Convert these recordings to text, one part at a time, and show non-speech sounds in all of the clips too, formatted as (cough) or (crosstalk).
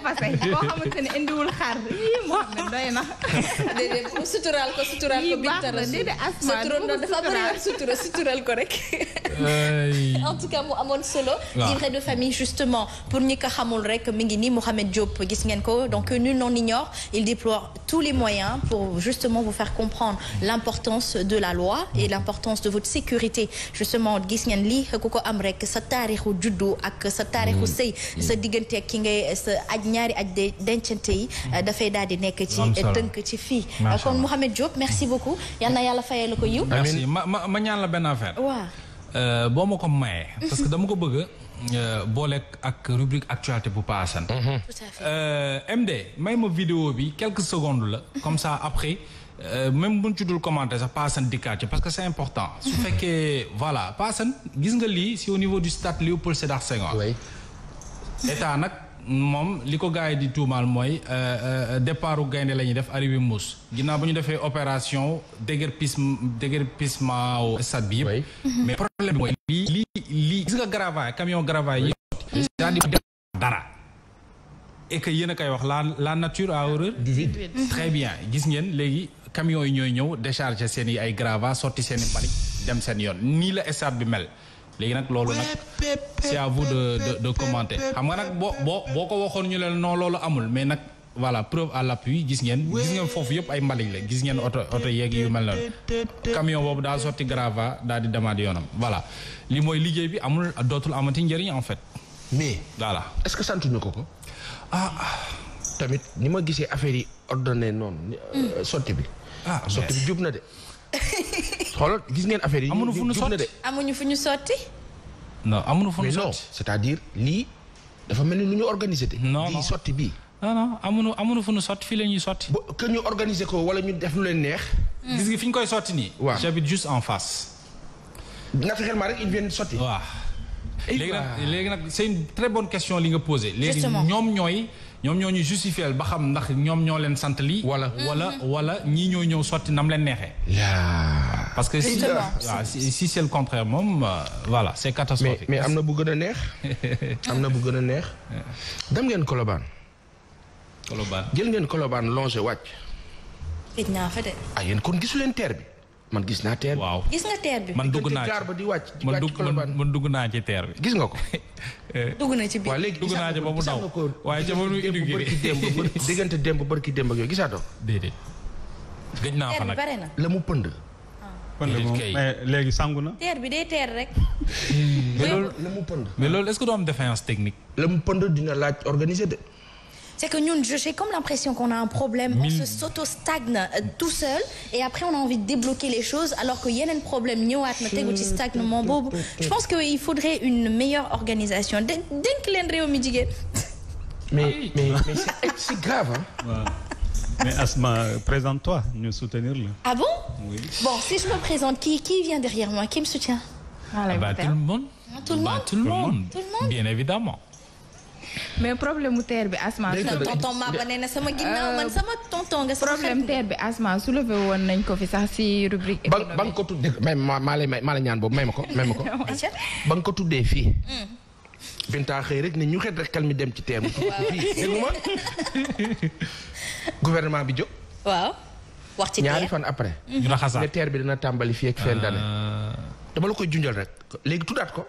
fase eh. koo xamante ne indiwul xar ko rek. en tout cas amoon solo. livret de famille justement pour ñi ko xamul rek mi ngi nii Mouhamed Diop gis ngeen ko donc euh, nul n'en ignore il déploie tous les moyens pour justement vous faire comprendre l'importance de la loi et l'importance de votre sécurité justement gis ngeen lii ku ko am rek sa taarixu juddu ak sa taarixu mm. sëy sa diggante ki ngay sa aj ñaari aj de dencante yi mm. euh, dafay daal nekk ci tënk ci fii euh, kon Mouhamed Diop merci beaucoup yal na yàlla fayee la ko yiw ma ma ma ñaan la benn affaire euh, boo ma ko mayee (laughs) parce que dama ko bëgg boole ak rubrique actualité bu Pa Assane MD may ma vidéo bi quelques secondes la mm-hmm. comme ça après même bu ñu ci dul commenter sax Pa Assane dikkaat ci parce que c'est important su mm-hmm. fekkee voilà Pa Assane gis nga lii si au niveau du stade Léopold Sédar Senghor état nag moom li ko gars yi di tuumaal mooy euh, euh, départu gaynde la ñuy def arrivé muus ginnaaw ba ñu defee opération déguerpissement déguerpissement stade bi yëpp mm-hmm. mais problème bi mooy lii lii lii gis camion gravats yi c'est-à-dire def dara et que a koy wax la la nature a horreur mm-hmm. bien gis ngeen léegi camions yi ñooy ñëw décharger seen yi ay gravats sotti seen i mbalit dem seen yoon nii la stade bi mel léegi nag loolu nag c'est à vous de commenter xam nga nag boo boo boo ko waxoon ñu leen non loolu amul mais nag voilà preuve à l'appui gis ngeen gis ngeen foofu yëpp ay mbalit la gis ngeen oto oto yeeg yu mel noonu camion boobu daa sotti a daal di demaat yoonam voilà li mooy liggéey bi amul dootul amati njëriñ en fait. mais voilà est-ce que sant ñu ko ko. ah tamit ni ma gisee affaire yi ordonné noonu. Euh, sotti bi. ah sotti bi jub na de. (laughs) xoolal gis ngeen affaire yi. amuñu fu ñu sotti amuñu fu ñu sotti. non amuñu fu ñu sotti mais non cest dafa mel ni lu ñu organisé te. non non sotti bii. non non amuñu amuñu fu nu sotti fii la ñuy sotti. ba que ñu organisé ko wala ñu def lu leen neex. Hmm. gis fi ñu koy sotti nii. waaw j'habite juste en face. naturellement rek ils viennent sotti. waa léegi nag léegi nag c'est une très bonne question li nga posé. léegi ñoom ñooy. ñoom ñoo ñu justifier ba xam ndax ñoom ñoo leen sant lii. wala mm-hmm. wala wala ñii ñoo ñëw sotti nam leen neexee. parce que ah, si si c'est le contraire moom euh, voilà c'est catastrophique. mais mais am na bu gën a neex (laughs) am na bu gën a neex. dem ngeen Colobane. Colobane jël ngeen Colobane longe wàcc. fekk naa fa de. ah yéen kon gisu leen terre bi. man gis naa teer bi waaw gis nga teer bi. man dugg naa ci ba di dugg naa ci teer bi. gis nga ko. (laughs) Eh, dugg na ci biir waaw léegi dugg naa ci ba mu daw waaye ca ba mu indigéré (laughs) diggante démb barki démb ak yooyu gisaatoo. déedéet gëj naa fa nag teer bi bare la mu pënd. léegi sangu na. teer bi day teer rek. (laughs) mais loolu la mu pënd. mais loolu est-ce que doo am technique. la mu pënd dina laaj organiser de. c'est que ñun j'ai comme l'impression qu'on a un problème on se s'auto-stagne euh, tout seul et après on a envie de débloquer les choses alors que yeneen problème ñëwaat na tegu ci stagnement boobu je pense que il faudrait une meilleure organisation dénk leen réew mi jigéen mais ah mais c'est grave hein (laughs) mais Asma présente-toi nous soutenir là ah bon oui. bon si je me présente qui qui vient derrière moi qui me soutient ah, ah, bah, tout le monde ah, tout le monde tout le monde bien évidemment mais problème mu teer bi asma. tonton Maba nee na sama ginnaaw man sama tonton nga. sama problème bi asma soulevé woon nañ ko fi sax si rubrique. économique ba ko tuddee may may maa ñaan boobu may ma ko may ko. (laughs) ba nga ko tuddee fii. Hmm. Binta xëy rek ne ñu xet rek kal mi dem ci teer bi. fii (laughs) bi jóg. wax ci teer ñaari fan après. ñu raxasaat ne teer bi dana tàmbali fii ak fin euh. dama la koy junjal rek léegi tuddaat ko.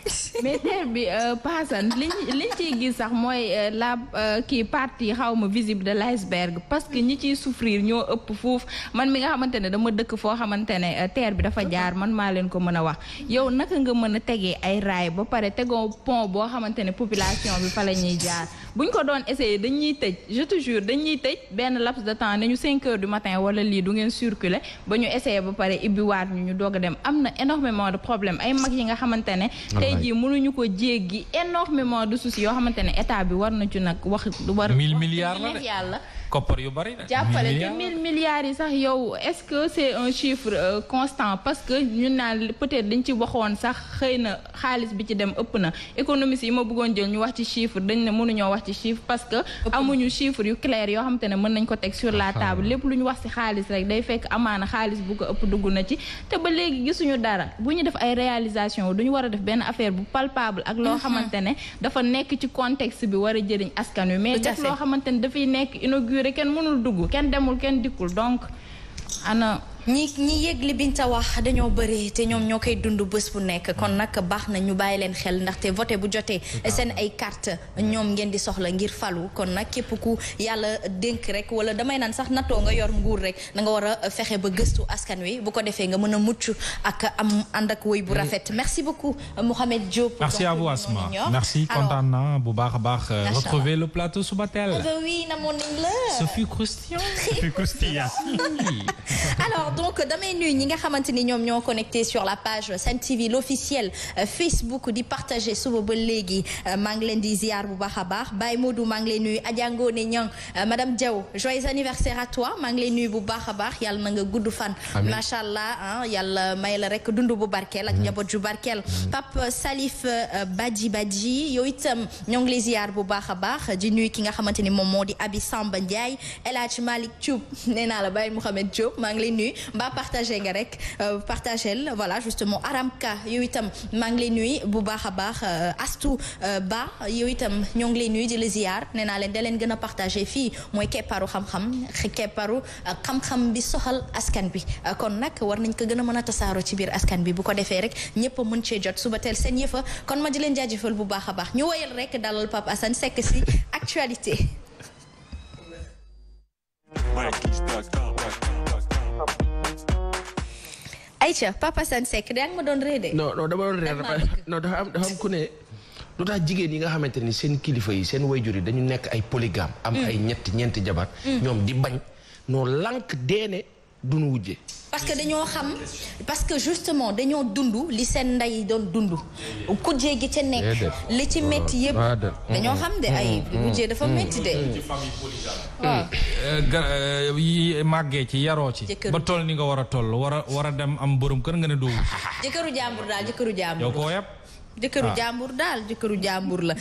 (laughs) mais terre bi euh, paasan li liñ ci gis sax mooy euh, la euh, kii partie xawma visible de l'iceberg parce que ñi ciy souffrir ñoo ëpp foofu man mi nga xamante ne dama dëkk foo xamante ne terre bi dafa jaar man maa leen ko mën a wax yow naka nga mën a tegee ay raay ba pare tegoo pont boo xamante ne population bi fa la ñuy jaar buñ ko doon essayer dañuy tëj je te jure dañuy tëj benn laps de temps nañu 5 heures du matin wala lii du ngeen circuler ba ñu essayer ba pare ibbiwaat ñu ñu doog a dem am na énormément de problème ay mag yi nga xamante ne tey jii mënuñu ko jéggi énormément de soucis yoo xamante ne état bi war na ci nag wax. war mille milliards la de yàlla. koppar yu bari la. jàppale te milliards yi sax yow est-ce que c'est un chiffre euh, constant parce que ñu naan peut-être dañ ci waxoon sax xëy na xaalis bi ci dem ëpp na économistes yi ma bëggoon jël ñu wax ci chiffre dañ ne mënuñoo wax ci chiffre parce que. amuñu chiffre yu clair yoo xam ne mën nañ ko teg sur la ah, ah. table lépp lu ñu wax ci xaalis rek day fekk amaana xaalis bu ko ëpp dugg na ci te ba léegi gisuñu dara bu ñu def ay réalisation duñu war a def benn affaire bu palpable ak loo mhm. xamante ne dafa nekk ci contexte bi war a jëriñ askan inaugurer kenn mënul dugg kenn demul kenn dikkul donc ana ñi ñi yëg li Binta wax dañoo bëri te ñoom ñoo koy dund bés bu nekk kon nag baax na ñu bàyyi leen xel ndaxte voté bu jotee seen ay carte ñoom ngeen di soxla ngir falu kon nag képp ku yàlla dénk rek wala damay naan sax nattoo nga yor nguur rek na nga war a fexe ba gëstu askan wi bu ko defee nga mën a mucc ak am ànd ak woy bu rafet merci beaucoup Mohamed Diop. merci à vous Asma merci kontaan bu baax baax. Euh, retrouver le plateau suba teel. Oh, oui namoon nañ la. ce fut croustillant. (laughs) ce (laughs) alors donc damay nuyu ñi nga xamante ni ñoom ñoo connecté sur la page Sen TV l'officiel euh, Facebook di partagé suba ba léegi euh, maa ngi leen di ziar bu baax a baax Baye Modou maa ngi lay nuyu Adja Ngone Niang euh, madame Diaw joyeux anniversaire à toi maa ngi lay nuyu bu baax a baax yàlla na gudd fan. amiin macha allah yàlla may la rek dund bu barkeel ak njaboot ju barkeel. Pape Salif Badji Badji yow itam ñoo ngi lay ziar bu baax a baax di nuy ki nga xamante ni moom moo di Abi Samba Ndiaye El Hadj Malick (laughs) nee naa la Baye Mouhamed Diop maa ngi lay nuyu. mbaa partagé nga rek euh, partagé voilà justement Aramka yow itam maa ngi lay nuyu bu baax a baax euh, Astou euh, Ba yow itam ñoo ngi lay nuyu di la ziar nee naa leen da leen gën a partagé fii mooy keppaaru xam-xam kepparu xam-xam bi soxal askan bi kon nag war nañ ko gën a mën a tasaaroo ci biir askan bi bu ko defee rek ñëpp mën cee jot suba teel seen yëfa kon ma di leen jaajëfal bu baax a baax ñu woyal rek dalal Pape Assane Seck si actualité Aïcha Papa San Seck yaa ngi ma doon réer de. non non dama doon réer non dafa am dafa am ku ne. lu tax jigéen yi nga xamante ni seen kilifa yi seen wayjur yi dañu nekk ay polygame am mm. ay ñetti ñeenti jabar. Mm. ñoom di bañ noo lank deene dund nu wujje parce que dañoo xam parce que justement dañoo dund li seen ndey doon dund kujjee gi ca nekk li ci métti yëpp dañoo xam de ay kujjee dafa métti de waaw eh, eh, yi ci yaroo ci ba toll ni nga war a toll war a war dem am borom kër nga ne doo (laughs) jëkkëru jàmbur daal jëkkëru jàmbur yow koo yëpp jëkkëru ah. jàmbur daal jëkkëru jàmbur la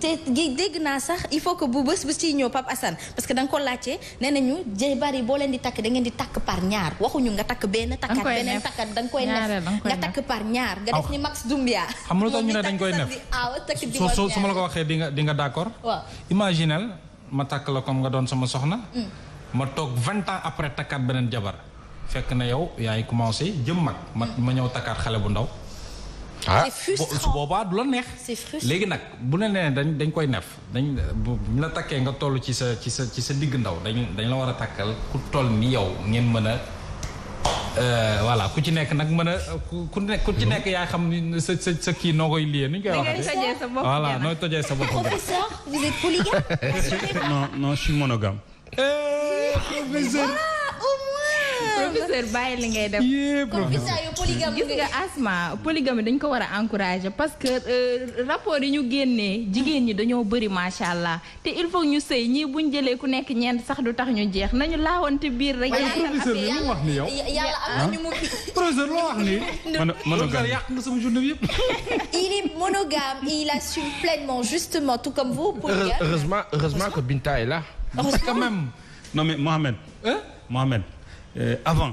te dégg naa sax il faut que bu bés bu ciy ñëw Pape Assane parce que da nga ko laajte nee nañu jabar yi boo leen di takk da di takk par ñaar waxuñu nga takk benn takkat beneen takkat da nga koy nef nga takk par ñaar nga def ah. ni Max Dumbia xam nga ñu ne dañ koy nef ah, soo ma ko waxee di nga di nga d'accord waaw imaginel ma takk la comme nga doon sama soxna mm. ma toog vingt ans après takkaat beneen jabar fekk na yow yaay commencé jëm mag ma ma ñëw takkaat xale bu ndaw ah su boobaa du la neex. léegi nag bu ne nee dañ dañ koy neef dañ bu ñu la takkee nga toll ci sa ci sa ci sa digg ndaw dañu dañ la war a takkal ku toll ni yow ngeen mën a. Euh, voilà ku ci nekk nag mën a ku ne ku ci nekk yaa xam ni sa sa sa kii noo koy liyee ni ñu koy waxee. voilà nooy tojee sa bopp. professeur vous êtes polygame. (laughs) non professeur bàyyi li ngay def. professeur yow gis nga asma polygame dañ ko war a encourager parce que euh, rapport yi ñu génnee jigéen ñi dañoo bëri macha allah te il faut ñu sëy ñii buñ jëlee ku nekk ñeent sax du tax ñu jeex nañu laawante biir rek. yi li mu wax ni yow. yàlla am na ñu ah? mu. professeur loo wax ni. (laughs) monogame yàq nga sama journée bi yëpp. (laughs) il est monogame et il assume pleinement justement tout comme vous. polygame heureusement heureusement que Binta est là. heureusement quand même non Euh, avant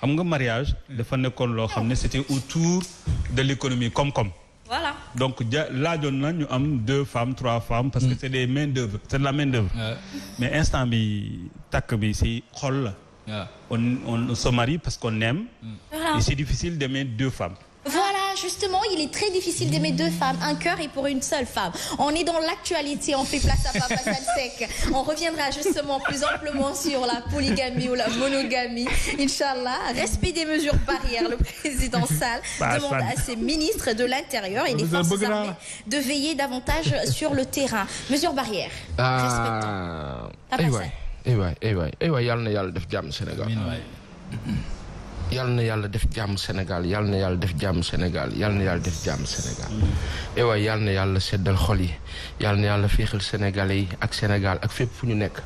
xam nga mariage dafa nekkoon loo xam ne c'était autour de l'économie koom-koom voilà donc ja laajoon na ñu am deux femmes trois femmes parce que mm. c'est des main d'œuvre c'est de la main d'œuvre mais instant bi takk bi si xool la on on se marie parce qu'on aime mm. et c'est difficile d'aimer deux femmes justement, il est très difficile d'aimer deux femmes. Un cœur est pour une seule femme. On est dans l'actualité, on fait place à Papa (laughs) Salsec. On reviendra plus amplement sur la polygamie ou la monogamie. Inch'Allah, respect des mesures barrières. Le président Sall demande à ses ministres de l'Intérieur et des forces sur le terrain. Mesures barrières. Ah, Respectons. Papa Sall. Eh waay eh waay eh waay eh yàlla na yàlla def jàmm Sénégal. yal na yàlla def jàmm Sénégal yal na yàlla def jàmm Sénégal yal na yàlla def jàmm Sénégal. ewaay eh yal na yàlla seddal xol yi yal na yàlla féexal Sénégalais yi ak Sénégal ak fépp fu ñu nekk.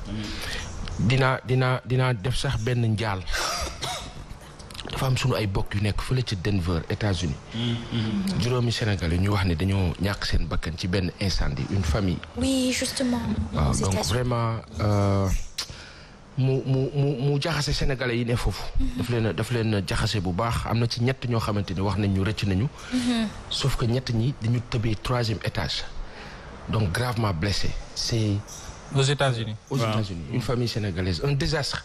dina dina dinaa def sax benn njaal. dafa am sunu ay bokk yu nekk fële ca Denver États-Unis juróomi Sénégal yi ñu wax ni dañoo ñàkk seen bakkan ci benn incendie une famille. oui waaw donc vraiment. Euh, mu mu mu jaxase sénégalais yi ne foofu. Mhm. daf leen a daf leen jaxase bu baax am na ci ñett ñoo xamante ni wax nañ ñu rëcc nañu. Mhm. sauf que ñett ñi dañu tëbee troisième étage donc gravement blessé c'est aux États-Unis aux wow. États-Unis une famille sénégalaise un désastre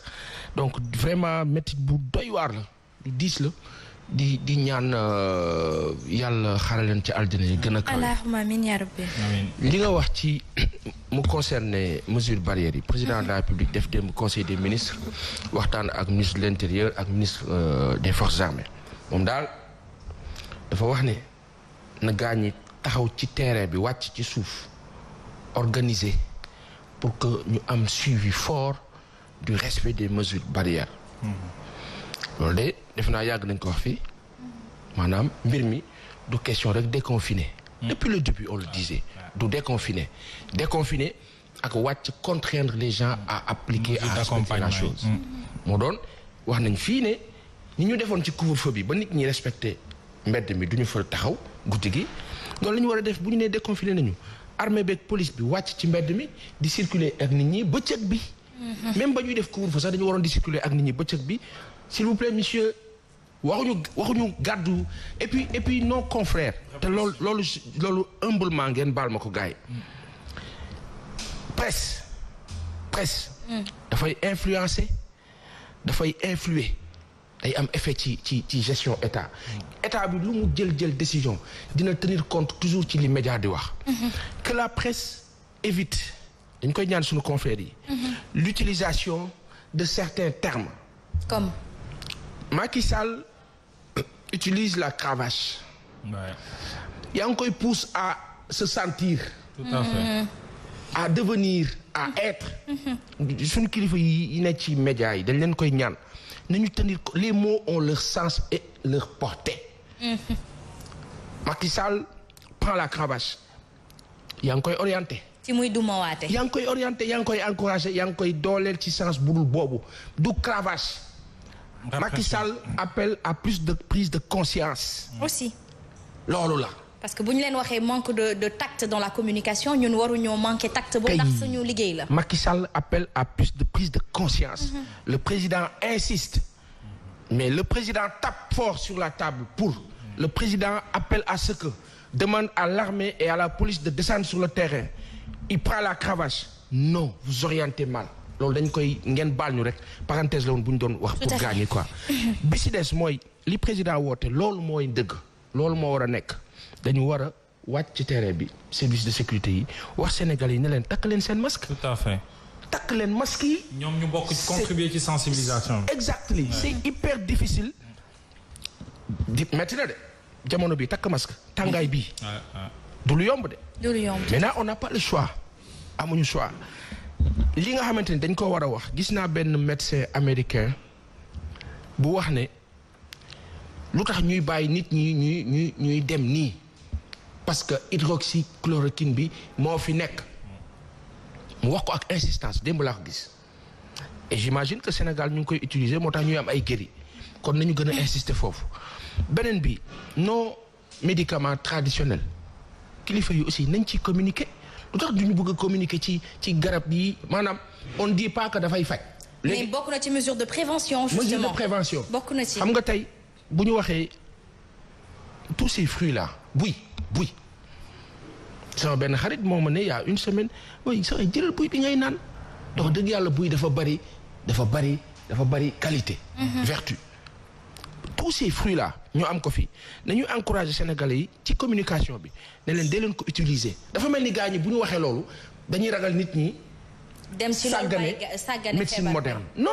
donc vraiment métti bu doy waar la lu diis la. di di ñaan euh, yàlla xaare leen ci aljana yi gën a kaw allahumma amin ya li nga wax ci (coughs) mu concerne mesures barrières yi président de la république def démb conseil des ministres waxtaan ak ministre de l'intérieur ak ministre euh, des forces armées moom daal dafa wax ne na gaañi taxaw ci terrain bi wàcc ci suuf organisé pour que ñu am suivi fort du respect des mesures barrières hmm. loolu def naa yàgg nañ ko wax fii maanaam mbir mi du question rek déconfiné. Hmm. depuis le depuis on le disait. Ah, du déconfiné déconfiné ak wàcc contraindre les gens à appliquer à respecter hmm. moo doon wax nañ fii ne ni ñu defoon ci couvre-feu bi ba nit ñi respecté mbedd mi du ñu fa taxaw guddi gi loolu lañu ñu war a def bu ñu nee déconfiner nañu armée beeg police bi wàcc ci mbedd mi di circuler ak nit ñi bëccëg bi. Mm-hmm. même ba ñuy def couvre-feu sax dañu waroon di circuler ak nit ñi bëccëg bi waxuñu waxuñu gàddu et puis et puis nos confrères te loolu loolu loolu humblement ngeen baal ma ko gars yi presse mm. dafay influencer dafay influer day am effet ci ci ci gestion état mm. état bi lu mu jël jël décision dina tenir compte toujours ci li média di wax mm-hmm. que la évite dañ koy ñaan suñu confrères yi mm-hmm. l'utilisation de certains termes comme utilise la cravache. yaa ngi koy pousse à se sentir. tout à fait. à devenir à être. suñu kilifa yi ne ci médias yi dañ leen koy ñaan nañu tenir les mots ont leur sens et leur portée. Macky prend la cravache yaa ngi koy orienté. ci muy dumawaate. yaa ngi koy orienté yaa ngi koy encouragé yaa ngi koy dooleel ci sens budul boobu du cravache. Macky Sall appelle à plus de prise de conscience. aussi. loolu la. parce que bu ñu leen waxee manque de de tact dans la communication ñun waruñoo manqué tact boo tax suñu liggéey la. Macky Sall appelle à plus de prise de conscience. Mhm. le président insiste. mais le président tape fort sur la table pour. le président appelle à ce que demande à l'armée et à la police de descendre sur le terrain. il prend la cravache. non vous orientez mal. loolu dañu koy ngeen baal ñu rek parenthèse la woon bu ñu doon wax pour gaañi quoi (laughs) bi si des mooy li président woote loolu mooy dëgg loolu moo war a nekk dañu war a wàcc ci terrain bi service de sécurité yi wax Sénégal yi ne leen takk leen seen masque tout à takk leen masque yi ñoom ñu bokk contribuer ci sensibilisation bi exactement c'est hyper difficile di metti na de jamono bi takk masque tàngaay bi du lu yomb de maintenant on n'a pas le choix amuñu choix li nga xamante ni dañ ko war a wax gis naa benn médecin américain bu wax ne lu tax ñuy bàyyi nit ñi ñuy ñuy ñuy dem nii parce que hydroxychloroquine bi moo fi nekk mu wax ko ak insistance démb laa ko gis et j'imagine que Sénégal ñu ngi koy utiliser moo tax ñuy am ay géri kon nañu gën a insister foofu beneen bi non médicament traditionnel kilifa yi aussi nañ ci communiquer lu tax du ñu bëgg a communiquer ci ci garab yi maanaam on di pas dafay faj. mais bokk na ci mesure de prévention. justement mesure de bokk na ci xam nga tey bu ñu waxee tous ces fruits là buy buy. sama benn xarit moo ma ne y une semaine oui sa jëlal buy bi ngay naan. donc dëgg yàlla buy dafa bari dafa bari dafa bari qualité. Mhm. vertu. tous ces fruits là ñu am ko fi nañu encourager Sénégalais yi ci communication bi ne leen dee leen ko utiliser dafa mel ni gars ñi bu ñu waxee loolu dañuy ragal nit ñi. dem si sàggane médecine moderne non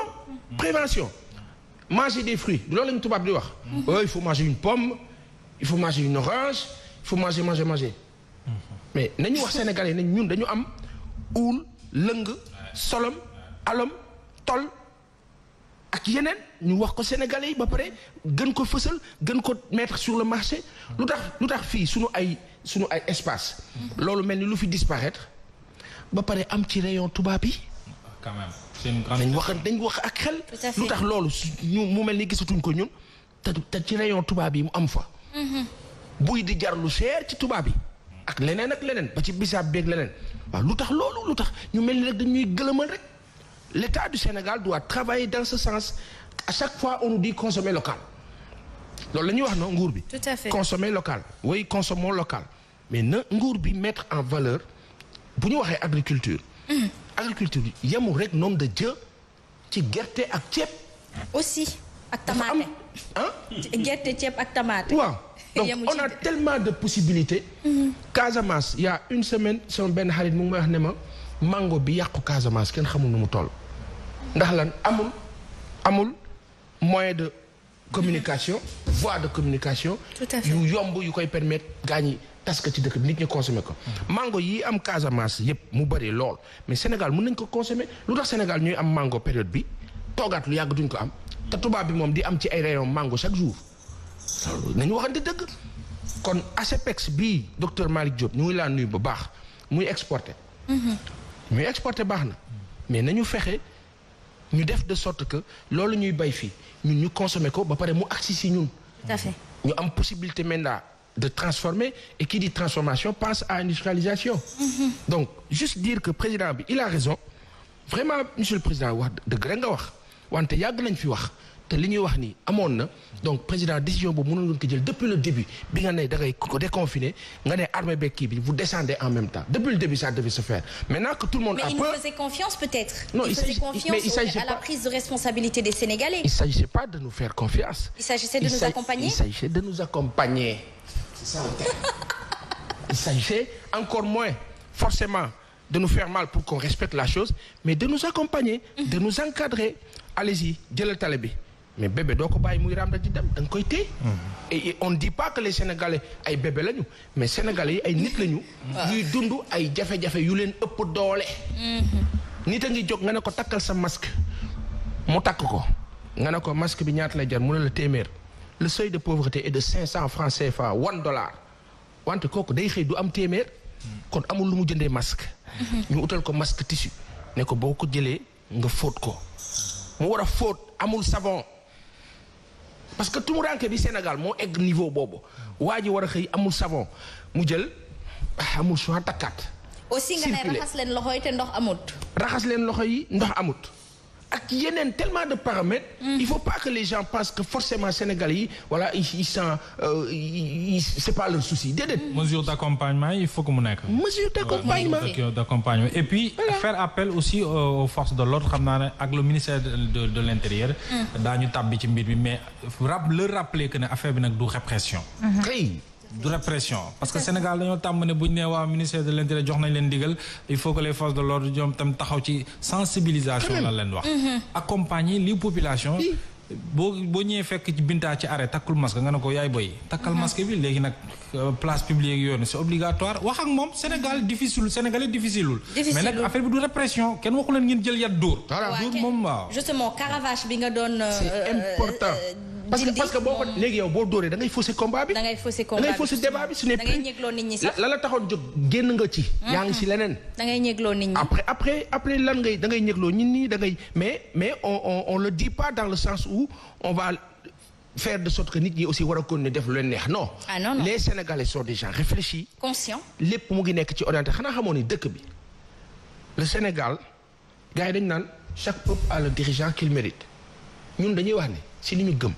prévention manger des fruits loolu lañu tubaab di wax. Mhm. Oh, il faut manger une pomme il faut manger une orange il faut manger manger manger. Mhm. mais nañu wax Sénégalais yi ne ñun dañu am uul lëng solom alom tol. ak yeneen ñu wax ko sénégalais yi ba pare gën ko fësal gën ko mettre sur le marché lu tax lu tax fii suñu ay suñu ay espace loolu mel ni lu fi disparaître ba pare am ci rayon tubaab yi quand même c'est une dañ wax dañ ak xel tax loolu ñu mu mel ni gisatuñ ko ñun te ci rayon tubaab yi mu am fa mhm. buy di jar lu cher ci tubaab yi ak leneen ak leneen ba ci bisaab beeg leneen waaw lu tax loolu lu tax ñu mel ni rek dañuy gëlëmal rek L'État du Sénégal doit travailler dans ce sens. À chaque fois, on nous dit consommer local. loolu la ñuy wax noonu nguur bi. tout à fait consommer local. oui consommons local. mais na nguur bi mettre en valeur bu ñu waxee agriculture. Mm. agriculture yemul rek nom de jë ci gerte ak ceeb. aussi ak tamaate. Ah? gerte ceeb ak tamaate. waaw (laughs) donc on a tellement de possibilités. Mm-hmm. Casamance yaa une semaine sama benn xarit mu ngi wax ne ma mango bi yàqu Casamance kenn xamul nu mu toll. ndax lan amul amul moyen de communication mm-hmm. voie de communication. yu yomb yu koy permettre gaañ yi tas ko ci dëkk bi nit ñi consommer ko. Mm-hmm. mango yi am Casamance yëpp mu bëri lool mais Sénégal mun nañ ko consommer lu tax Sénégal ñuy am mango période bi toogaat lu yàgg duñ ko am te tubaab bi moom di am ci ay rayon mango chaque jour nañu waxante dëgg. kon ASEPEX bii docteur Malick Diop ñu laa nuyu bu baax muy exporté. Mm-hmm. muy exporté baax na mais nañu fexe. ñu def de sorte que loolu ñuy bay fii ñun ñu consommer ko ba pare mu agsi si ñun. tout ñu am possibilité maintenant de transformer et qui dit transformation pense à industrialisation. Mm-hmm. donc juste dire que président bi il a raison vraiment monsieur le président wax dëgg nga wax wante yàgg nañ fi wax. te li ñuy wax ni amoon na donc président décision boobu mënoon ngeen ko jël depuis le début bi nga ne da ngay ko déconfiné nga ne armée beeg kii bi vous descendez en même temps depuis le début ça devait se faire maintenant que tout le monde. a peur mais il nous faisait confiance peut-être. non il faisait confiance à la prise de responsabilité des Sénégalais. il s'agissait pas de nous faire confiance. il s'agissait de nous accompagner il s'agissait de nous accompagner. c'est ça le terme. (laughs) il s'agissait encore moins forcément de nous faire mal pour qu'on respecte la chose mais de nous accompagner. Mm-hmm. de nous encadrer allez-y jëlal tale bi. mais bébé doo ko bàyyi muy raam di dem da nga koy téye. Hmm. et on dit pas que ay bébé lañu mais sénégalais yi ay nit lañu. Ah. ñuy dund ay jafe-jafe yu leen ëpp doole. Hmm. nit a ngi jóg nga ne ko takkal sa masque mu takk ko nga ne ko masque bi ñaata lay jar mu ne la téeméer le seuil de pauvreté est de cinq cent franc CFA one dollar wante kooku day xëy du am téeméer. Hmm. kon amul lu mu jëndee masque. ñu utal ko masque tissu ne ko boo ko jëlee nga fóot ko mu war fóot amul savon. parce que tumuranke bi Sénégal moo egg niveau boobu waa ji war a xëy amul savon mu jël ah, amul choix takkaat. circulé aussi nga leen loxo yi te ndox amut. raxas leen loxo yi ndox amut. ak yeneen tellement de paramètres. Mm. il faut pas que les gens pensent que forcément Sénégalais yi voilà ils ils sont euh, c'est pas leur souci déedéet. Mm. mesure d'accompagnement il faut que mu nekk. mesure d'accompagnement d'accompagnement et puis. faire appel euh, aux forces de l'ordre xam naa ne ak le ministère de de l'intérieur. Mm. daañu tàbbi ci mbir bi mais rap le rappeler que ne affaire bi nag du répression. du répression parce que Sénégal dañoo tàmm ne bu nee waa ministère de l'intérieur jox nañ leen digal il faut que les forces de l'ordre ñoom tam taxaw ci sensibilisation la leen wax mhm. accompagner li population boo boo ñëwee fekk ci bintaa ci arrêt takkul masque nga ne ko yaay boy takkal mhm. masque bi léegi nag euh, place publique yoon c'est obligatoire wax ak moom Sénégal difficile Sénégalais difficile wul mais nag affaire bi du répression kenn waxu leen ngeen jël parce que parce que boo ko léegi yow boo dóoree da ngay fausser combat bi. da ngay fausser bi su ne. da ngay taxoon jóg génn nga ci. yaa ngi si leneen. da ngay ñëgloo nit ñi après après après lan ngay da ngay ñëgloo nit ñi da mais mais on on on le dit pas dans le sens où on va. faire de sorte que nit ñi aussi war a continuer def lu leen neex non. ah non non les sénégalais sont lépp mu ngi nekk ci orienté xanaa xamoon ni dëkk bi. le Sénégal gars yi dañu naan chaque peuple à le dirigeant qu'il mérite ñun dañuy wax ni si li ñu gëm.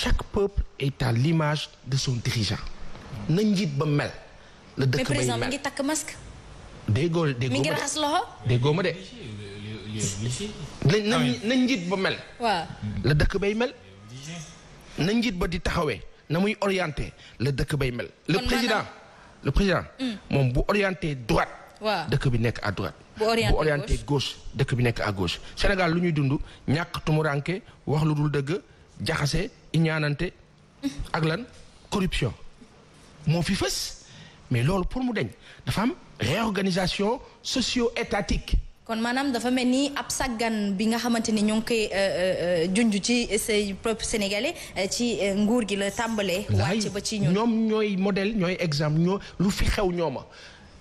chaque peuple est l'image de son dirigeant. na njiit ba mel. la dëkk bay mel takk masque. de mi ngi raxas na na njiit ba mel. la dëkk bay mel. na njiit ba di taxawee na muy orienté la dëkk bay mel. le président le président. moom bu orienté droite. waaw dëkk bi nekk à droite. bu orienté gauche dëkk bi nekk ak gauche. Sénégal lu ñuy dund ñàkk tumuranke wax lu dul dëgg jaxase. iñaanante ak lan corruption moo fi fës mais loolu pour mu deñ dafa am réorganisation socio-étatique kon maanaam dafa mel ni ab sàggan bi nga xamante ni ñoo ngi koy euh, euh, euh, junj ci say propre sénégalais ci nguur gi la tàmbalee wàcc ba ci ñun ñoom ñooy modèle ñooy exemple ñoo lu fi xew ñooma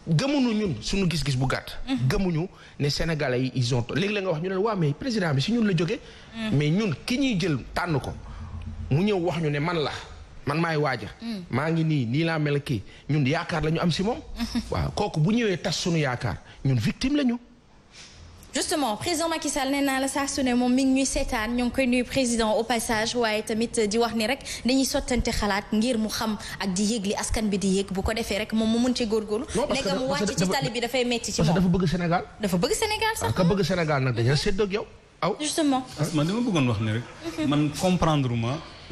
gëmuñu ñun suñu gis-gis bu gàtt mm. gëmuñu ne sénégalais yi ils léegi la wax ñu leen waa mais président bi si ñun la jóge mm. mais ñun ki ñuy jël tànn ko mu ñëw wax ñu ne man la man maay waaja mm. maa ngi nii nii laa mel ñun yaakaar la ñu am si moom (laughs) waaw kooku bu ñëwee tas suñu yaakaar ñun victime la ñu justement président Macky Sall nee naa la saa su moom mi ngi ñuy seetaan ñoo ngi koy nuyu président au passage waaye tamit di wax ni rek dañuy sottante xalaat ngir mu xam ak di yëg li askan bi di yëg bu ko defee rek moom mu mun ci góorgóorlu léegi mu wàcc ci tali bi dafay metti ci moom dafa bëgg Sénégal dafa bëgg Sénégal sax ah, ka bëgg Sénégal nag dañu séddoo ak yow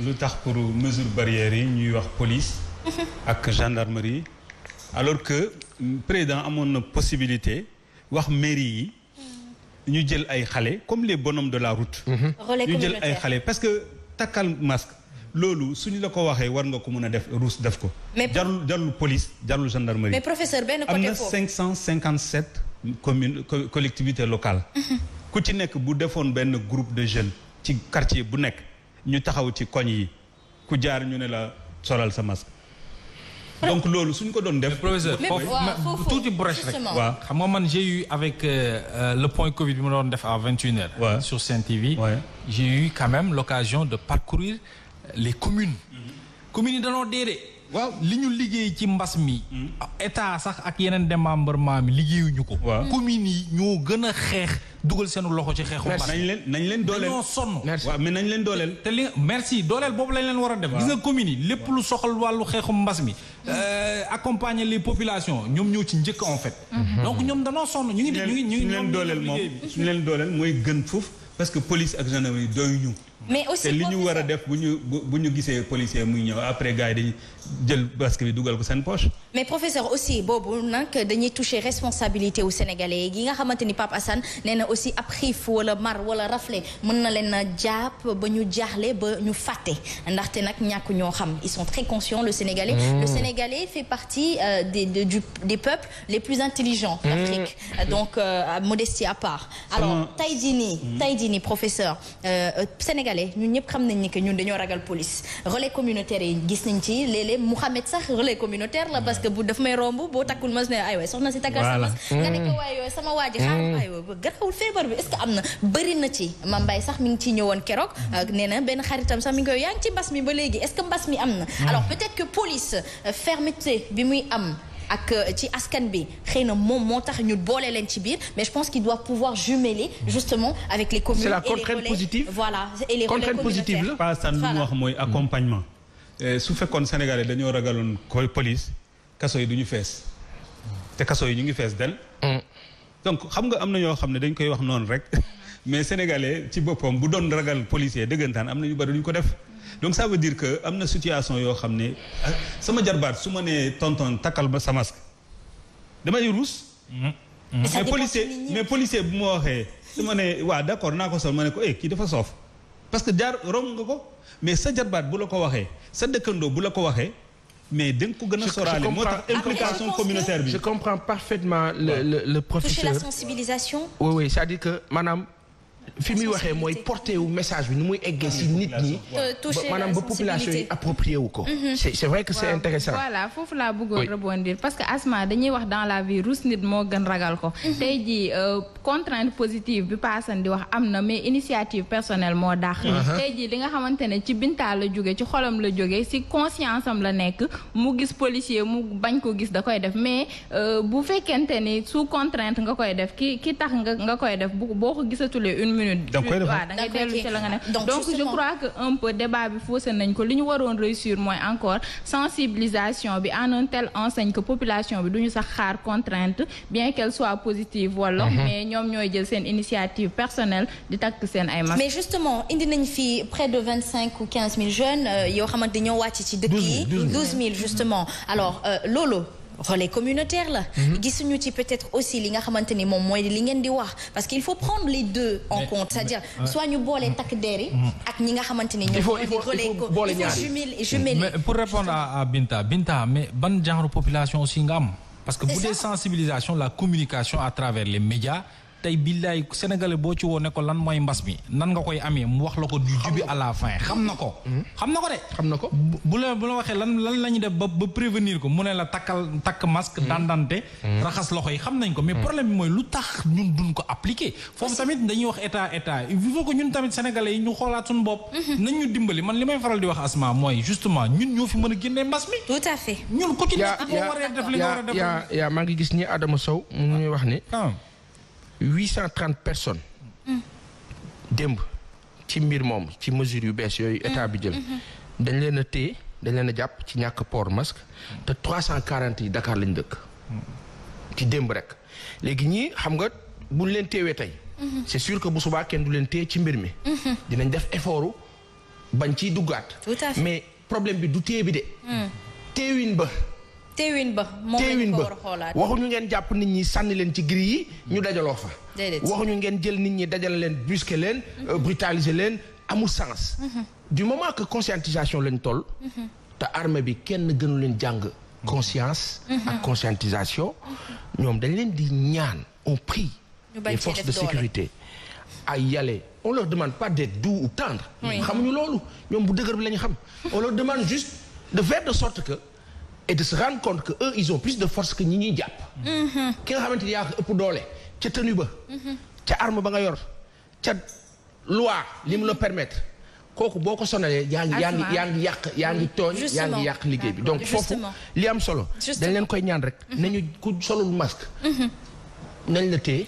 lu tax pour mesure barrière yi ñuy wax police ak gendarmerie alors que président amoon na possibilité wax mairie yi ñu jël ay xale comme les bonhommes de la route mm-hmm. ñu jël ay xale parce que takkal masque loolu suñu la ko waxee war nga ko mën a def ruus def ko jarul jarul police jarul gendarmerie mais professeur benn côté am na cinq cent cinquante sept commune collectivité locale mm-hmm. ku ci nekk bu defoon benn groupe de jeunes ci quartier bu nekk ñu taxaw ci koñ yi ku jaar ñu ne la solal sa masque donc loolu suñ ko doon def. professeur foofu ah, tuuti brèche rek. waaw xam man j'ai eu avec euh, euh, le point Covid bi ma doon def à vingt et une heures. Ouais. sur Sen TV. j'ai eu quand même l'occasion de parcourir les communes. Mm -hmm. communes waaw li ñu liggéey ci mbas mi. Hmm. état sax ak yeneen maam mi liggéeyuñu ko. waaw communes yi ñoo gën a xeex dugal seenu loxo ci xeexu mbas. nañ leen nañ leen dooleel dañoo sonn. nañ leen dooleel. te li merci dooleel boobu lañ leen war a dem gis nga communes yi lépp lu soxal wàllu xeexu mbas mi. Hmm. Euh, accompagner les populations ñoom ñëw ci njëkk en fait. Hmm. donc ñoom danoo sonn ñu ngi. ñu ngi ñu ngi leen dooleel moom ñu leen dooleel mooy gën foofu parce que police ak gendarmerie ñu mais aussi te li ñu war a def bu ñu bu ñu gisee policier muy ñëw après gars yi jël basket bi dugal ko seen poche. mais professeur aussi boobu nag dañuy toucher responsabilité wu sénégalais yi nga xamante ni Pape Assane nee na aussi ab xiif wala mar wala rafle mën na leen a jàpp ba ñu jaaxle ba ñu fàtte ndaxte nag ñàkk ñoo xam ils sont très conscients le sénégalais. Mmh. le sénégalais fait partie euh, des du des peuples les plus intelligents. Mmh. d'Afrique donc euh, modestie à part. alors tey jii nii. tey jii nii professeur euh, sénégalais. sénégalais ñun ñëpp xam nañ ni que ñun dañoo ragal police relais communautaire yi gis nañ ci léeg-léeg Mouhamed sax relais communautaire la parce bu daf may romb boo takkul mas ne ay waay soxna si takkal sa mas nga ne ko mm. yooyu sama waa ji xaar mm. garawul feebar bi est am na bëri na ci Mambay sax mi ngi ciy ñëwoon keroog nee na benn xaritam sax mi ngi koy yaa ngi ci mbas mi ba léegi est ce mbas mi am na mm. alors peut-être que police fermeté bi muy am ak euh, ci askan bi xëy na moom moo tax ñu boole leen ci biir mais je pense qu'il doit pouvoir jumeler justement avec les communes. voilà et les relais communautaires la pas san lu mu wax mooy accompagnement. Euh, su fekkoon Sénégalais dañoo ragaloon koy police casso yi du ñu fees te kaso yi ñu ngi fees del mm. donc xam nga am na ñoo xam ne dañ koy wax noonu rek (laughs) mais Sénégalais ci boppam bu doon ragal policier dëggantaan am na ñu bari ñu ko def. donc ça veut dire que am na situation yoo xam ne ah, sama jarbaat su ma nee tonton takkal ba sa masque damay ruus. Mm-hmm. mais policier mais policier bu ma waxee su ma nee waaw d'accord naa ko sol ma ne ko eh kii dafa soof parce que jaar romb nga ko mais sa jarbaat bu la ko waxee sa dëkkandoo bu la ko waxee. mais da nga ko gën a soraale moo tax ah, implication communautaire bi. je comprends parfaitement le le le professeur. dire que maanaam. fi muy waxee mooy porté wu message bi nu muy eggee si nit ñi. touché ba population yi ko. Mhm. c'est c'est que c'est intéressant. voilà foofu laa bëggoon rebondir parce que asma dañuy wax dans la vie rus nit moo gën ragal ko. Mhm. tey jii euh, contrainte positive bi paasan di wax am na mais initiative personnel moo dàq. Mhm. Uh-huh. tey jii li nga xamante ne ci bintaa la jóge ci xolam la jóge si conscience am la nekk mu gis policier mu bañ ko gis da koy def mais euh, bu fekkente ni su contrainte nga koy def ki ki tax ko minute. donc la nga nekk donc je crois que un peu débat bi faussé nañ ko li ñu waroon réussir mooy encore sensibilisation bi en un tel enseigne que population bi du ñu sax xaar contrainte bien qu'elle soit positive wala. Mhm. mais ñoom ñooy jël seen initiative personnelle di takk seen ay masques. mais justement indi nañ fi près de ou jeunes euh, yoo xamante ñoo wàcc ci dëkk yi. justement alors euh, loolu. relais communautaire la gis mhm. gisuñu ci peut-être aussi li nga xamante ni moom mooy li ngeen di wax parce qu'il faut prendre les deux en compte c'est-à-dire soit ñu boolee mhm. takk deer mhm. ak ñi nga xamante ni ñoom mooy relais ko il faut jumeler jumeler pour répondre à Binta Binta mais ban genre population aussi nga am parce que bu dee sensibilisation la communication à travers les médias tey billaay sénégalais boo ci woo ne ko lan mooy mbas mi nan nga koy amee mu wax la ko du jubi à la fin xam na ko hmm. xam na ko de xam na ko bu la bu la waxee lan lan la ñu def ba ba prévenir ko mu ne la takkal takk masque hmm. dandante hmm. raxas loxo yi xam nañ ko mais problème bi mooy lu tax ñun dun ko appliquer foofu tamit dañuy wax état état il faut que ñun tamit sénégalais yi ñu xoolaat suñu bopp nañ ñu dimbali man li may faral di wax asma mooy justement ñun ñoo fi mën a génnee mbas mi tout à fait ñun ko maa ngi gis ñi Adama Sow mu ñuy wax ni ah. huit cent trente personnes. démb ci mbir moom ci mesure yu bees yooyu état bi jël. dañ leen a téye dañ leen a jàpp ci ñàkk port masque te trois cent quarante yi Dakar lañ dëkk. ci démb rek léegi ñii xam nga buñ leen téewee tey. c'est sûr que bu subaa kenn du leen téye ci mbir mi. dinañ def effort bañ ciy duggaat. mais problème bi du téye bi de. Hmm. téewin ba. teewin ba teewin ba waxuñu ngeen jàpp nit ñi sànni leen ci gri yi ñu mm. dajaloo fa waxuñu ngeen jël nit ñi dajale leen brusquer leen mm-hmm. euh, brutaliser leen amul sens mm-hmm. du moment ak conscientisation lañ toll mm-hmm. te armée bi kenn gënu leen jàng conscience ak conscientisation ñoom dañ leen di ñaan on prie les forces de sécurité ay yale aller on leur demande pas d'être doux ou tendre xamuñu loolu ñoom bu dëgër bi la xam on leur demande juste de faire sorte que et de se rendre compte que eux ils plus de force que ñi ñuy jàpp. ki nga xamante ni yaa ko ëpp doole ca tenue ba. ca arme ba nga yor ca loi li mu la permettre kooku boo ko sonalee yaa ngi yaa ngi yàq yaa ngi tooñ. yaa ngi yàq liggéey bi donc foofu li am solo. dañ leen koy ñaan rek. Mhm. nañu ku solul masque. nañ la téye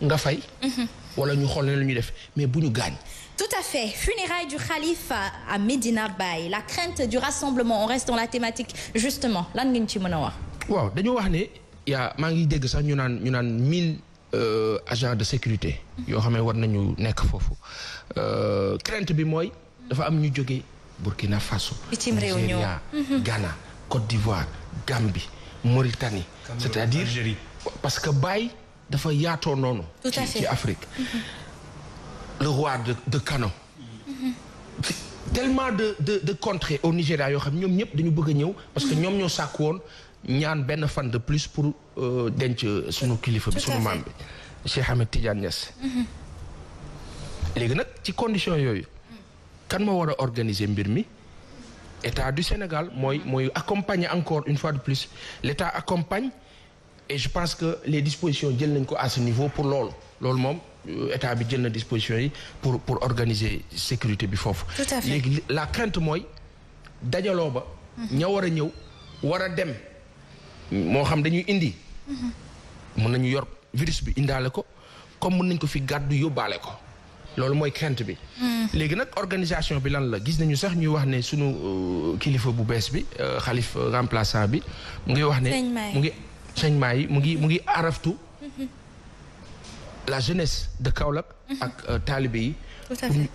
nga fay. Mhm. wala ñu xool ne la ñuy def mais bu ñu gaañ. Tout à fait. Funérailles du Khalife à Medina Baye. La crainte du rassemblement. On reste dans la thématique justement. lan ngeen ci mën a wax. waaw dañu wax ne yaa maa ngi dégg sax ñu naan ñu naan mille euh, agent de sécurité. yoo xam ne war nañu nekk foofu euh, crainte bi mooy. dafa am ñu jóge Burkina Faso. bitim réew Nigeria mhm. Ghana Côte d'Ivoire Gambie Mauritanie. c'est-à-dire parce que Baye dafa yaatoo noonu. ci Afrique. Mhm. le roi de de Kano. tellement de de de contrées au Nigéria yoo xam ñoom ñëpp dañu bëgg ñëw. parce que ñoom ñoo sàkk woon ñaan benn fan de plus pour euh, denc sunu kilifa bi sunu maam bi. Cheikh Ahmed Tidiane Niass. léegi nag ci condition yooyu. kan moo war a organiser mbir mi. état du Sénégal mooy mooy accompagner encore une fois de plus l' accompagne et je pense que les dispositions jël nañ ko à ce niveau pour loolu loolu moom. état bi jël na disposition yi pour pour organiser sécurité bi foofu. tout léegi la crainte mooy dajaloo ba. Mhm. ña war a ñëw war a dem moo xam dañuy indi. Mhm. mën nañu yor virus bi indaale ko comme mun nañ ko fi gàddu yóbbaale ko loolu mooy crainte bi. Mhm. léegi nag organisation bi lan la gis nañu sax ñuy wax ne sunu euh, kilifa bu bees bi euh, xalif remplaçant bi mu ngi wax ne. mu ngi saignement yi mu ngi mu ngi araftu. la jeunesse de Kaolack. Mhm. ak euh, taalibe yi.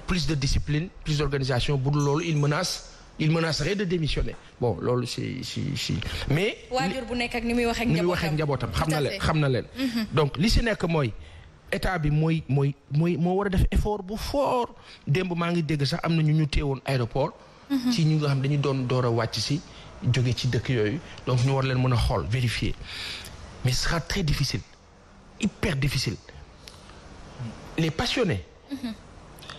plus de discipline plus d'organisation bu dul loolu il menace il menacerait de démissionner bon loolu si si si mais. waajur bu nekk ak ni muy waxee ak njabootam xam na leen xam na leen. donc li si nekk mooy état bi mooy mooy mooy moo war a def effort bu fort démb maa ngi dégg sax am na ñu ñu woon aéroport. Mhm. ci ñu nga xam dañuy doon door a wàcc si jóge ci dëkk yooyu donc ñu war leen mën a xool vérifier mais ce sera très difficile hyper les passionnés.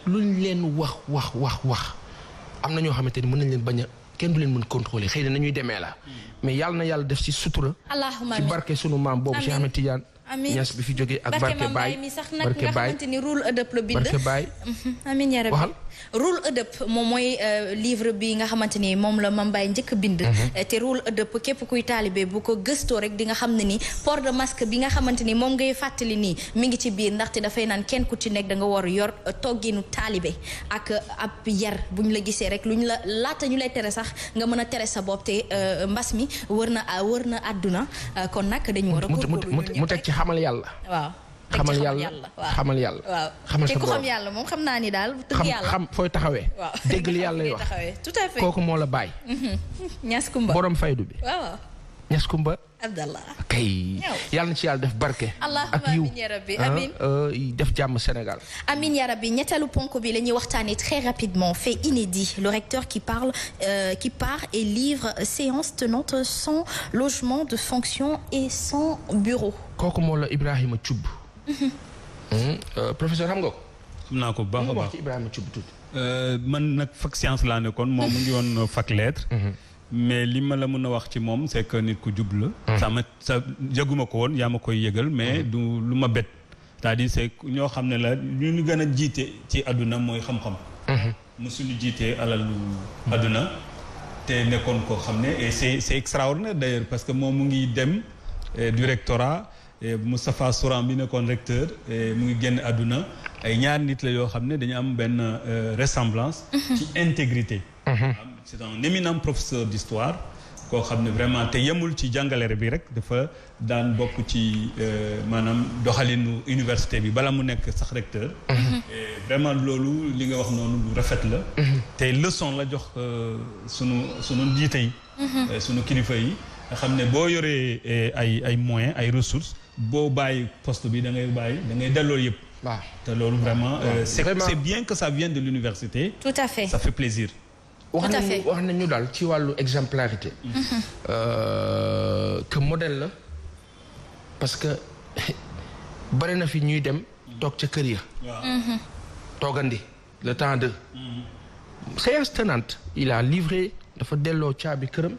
luñ leen wax wax wax wax am na ñoo xamante ni mën nañ leen bañ a kenn du leen mën contrôler xëy na nañuy demee la. mais yàlla na yàlla def ci sutura. ci barke sunu maam boobu Cheikh Ahmed Tidiane. amiin ñas bi fi jógee ak. barke Baye barke Baye barke (laughs) Baye. amiin Roule ëdëp moom mooy euh, livre bi nga xamante ni moom la ma Mbaye njëkk bind mhm. euh, te Roule ëdëp képp kuy taalibe bu ko gëstoo rek di nga xam ne ni port de masque bi nga xamante ni moom ngay fàttali nii mi ngi ci biir ndax ndaxte dafay naan kenn ku ci nekk da nga war yor euh, togginu taalibe ak ab yar bu ñu la gisee rek lu ñu la laata ñu lay tere sax nga mën a tere sa bopp te mbas mi wër na wër na àdduna kon nag dañu war a mu teg ci xamal yàlla waaw xamal yàlla xamal yàlla waaw xamal sa yàlla moom xam naa ni daal tëgg yàlla xam fooy taxawee (laughs) waaw yàlla yi wax kooku moo la bàyyi mm-hmm. (laughs) ñas kumba borom faydu bi waaw ñas kumba abdallah kay yàlla na ci yàlla def barke ak yiw ah, euh, def jàmm Sénégal amin ya rabbi ñetteelu ponk bi lañuy ñuy waxtaanee très rapidement fait inédit le recteur qui parle euh, qui part et livre séance tenante sans logement de fonction et sans bureau kooku moo la Ibrahima Thioub Hmm? Euh, professeur xam nga ko. xam naa ko bu baax a baax ci Ibrahima Thioub tuuti. Euh, man nag fac science laa nekkoon moom mu ngi woon (laughs) fac lettre. Mhm. mais li ma la mën a wax ci moom c'est que nit ku jub la. sama mhm. sa yëguma ko woon yaa ma koy yëgal mais mhm. du lu ma bett. c'est-à-dire c'est ñoo xam ne la ñu ñu gën a jiite ci àdduna mooy xam-xam. mosuñu jiitee alalu àdduna. te nekkoon koo xam ne et c'est c'est extraordinaire d'ailleurs parce que moom mu ngi dem eh, du Moustapha Souran bi nekkoon recteur mu ngi génn àdduna ay ñaar nit la yoo xam ne dañu am benn euh, ressemblance ci mhm. intégrité mhm. c'est un éminent professeur d'histoire koo xam ne vraiment te yemul ci jàngaleere bi rek dafa daan bokk ci euh, maanaam doxalinu université bi bala mu nekk sax recteur mhm. vraiment loolu li nga wax noonu lu rafet la te leçon la jox euh, sunu sunu njiite yi sunu kilifa yi nga xam ne boo yoree ay ay moyens ay ressources boo bàyyi poste bi da ngay bàyyi da ngay delloo yëpp. waaw te loolu vraiment. Euh, c'est c'est bien que ça vienne de l'université. tout à fait ça fait plaisir. wax nañu wax nañu daal ci wàllu exemplarité. Mm-hmm. Mm-hmm. Euh, que modèle la parce que (laughs) bari na fi ñuy dem toog ca kër ya. Mm-hmm. toogandi le temps de. séance tenante il a livré dafa delloo caabi këram.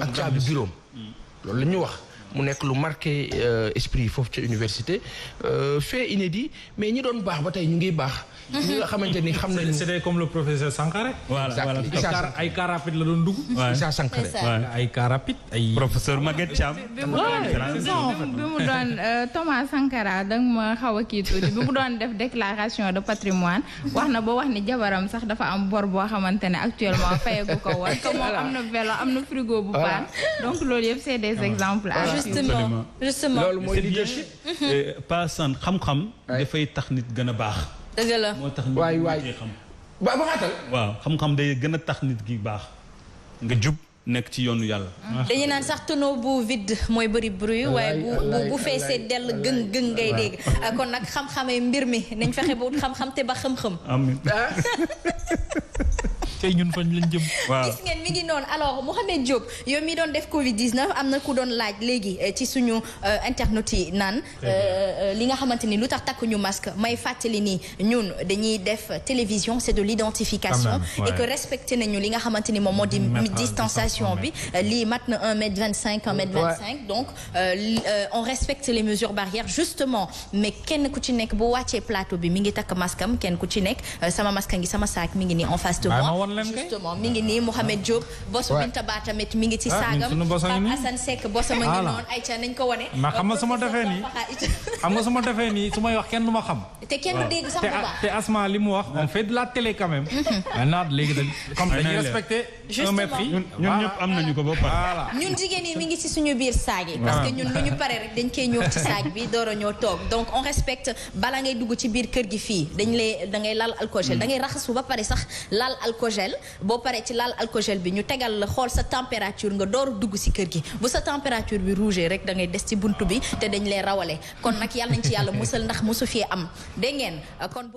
ak caabi bureau mm. loolu la ñu wax. mu nekk lu marqué euh, esprit foofu ca université euh, fait inédit mais ñi doon baax ba tey ñu ngi baax. Mhm. ñi nga xamante ni xam nañu. c'était comme le professeur Sankare. voilà voilà ay car rapide la doon dugg. Issa Sankare ay car ay. professeur Maguette Thiam. bi mu doon euh, Thomas Sankara danga ma xaw a kii tuuti bi mu doon def déclaration de patrimoine wax na ba wax ni jabaram sax dafa am bor boo xamante ne actuellement fayagu ko woon. comme am na vélo am na frigo bu baax donc loolu yëpp c'est des exemples. justement justement loolu mooy leadership mhm. paasan xam-xam dafay tax nit gën a baax dëgg la moo tax nit waay waay xam ba baxaatal day gën a tax nit gi baax nga jub nekk ci yoonu yàlla. Mhm. dañu naan sax tonneau bu vide mooy bëri bruit waaye bu bu dell gëng gëng ngay dégg ah, kon nag xam-xamee mbir mi nañ fexe ba wut xam-xam te ba xam-xam. (laughs) tey ñun fañ lañ jëm. waaw gis ngeen mi ngi noonu alors Mouhamed Diop yow mi doon def Covid am na ku doon laaj léegi eh, ci suñu eh, internet yi naan. Eh, li nga xamante ni lu tax takkuñu masque may fàttali nii ñun dañuy def télévision c'est de l'identification et que respecté nañu li nga xamante ni moom moo di. distanciation bi lii mat na un mètre vingt cinq un mètre vingt cinq donc on respecte les mesures barrières justement mais kenn ku ci nekk bu wàccee plateau bi mi ngi takk maskam kenn ku ci nekk sama masque ngi sama saak mi ngi nii en face woon leen kay justement mi ngi nii Mouhamed Diop bos Binta Ba tamit mi ngi ci ah, saagam Pape Assane Seck bosama ngi noonu ay ca nañ ko wane ma xam nga su defee nii xam nga su defee nii su may wax kenn du xam te kenn dégg sax mu (laughs) mi ngi ci suñu biir saag yi parce que ñun lu ñu pare rek dañ koy ñëw saag bi door a ñoo toog donc on respecte bala ngay dugg ci biir kër gi fii dañ lay da ngay laal alcool hmm. da ngay raxasu ba pare sax laal alcool gel gel boo paree ci laal alcogel bi ñu tegal la xool sa température nga door dugg si kër gi bu sa température bi rouge rek da ngay des ci bunt bi te dañ lay rawale kon nag yàlla nañ ci yàlla musal ndax mosu fee am dégg ngeen kon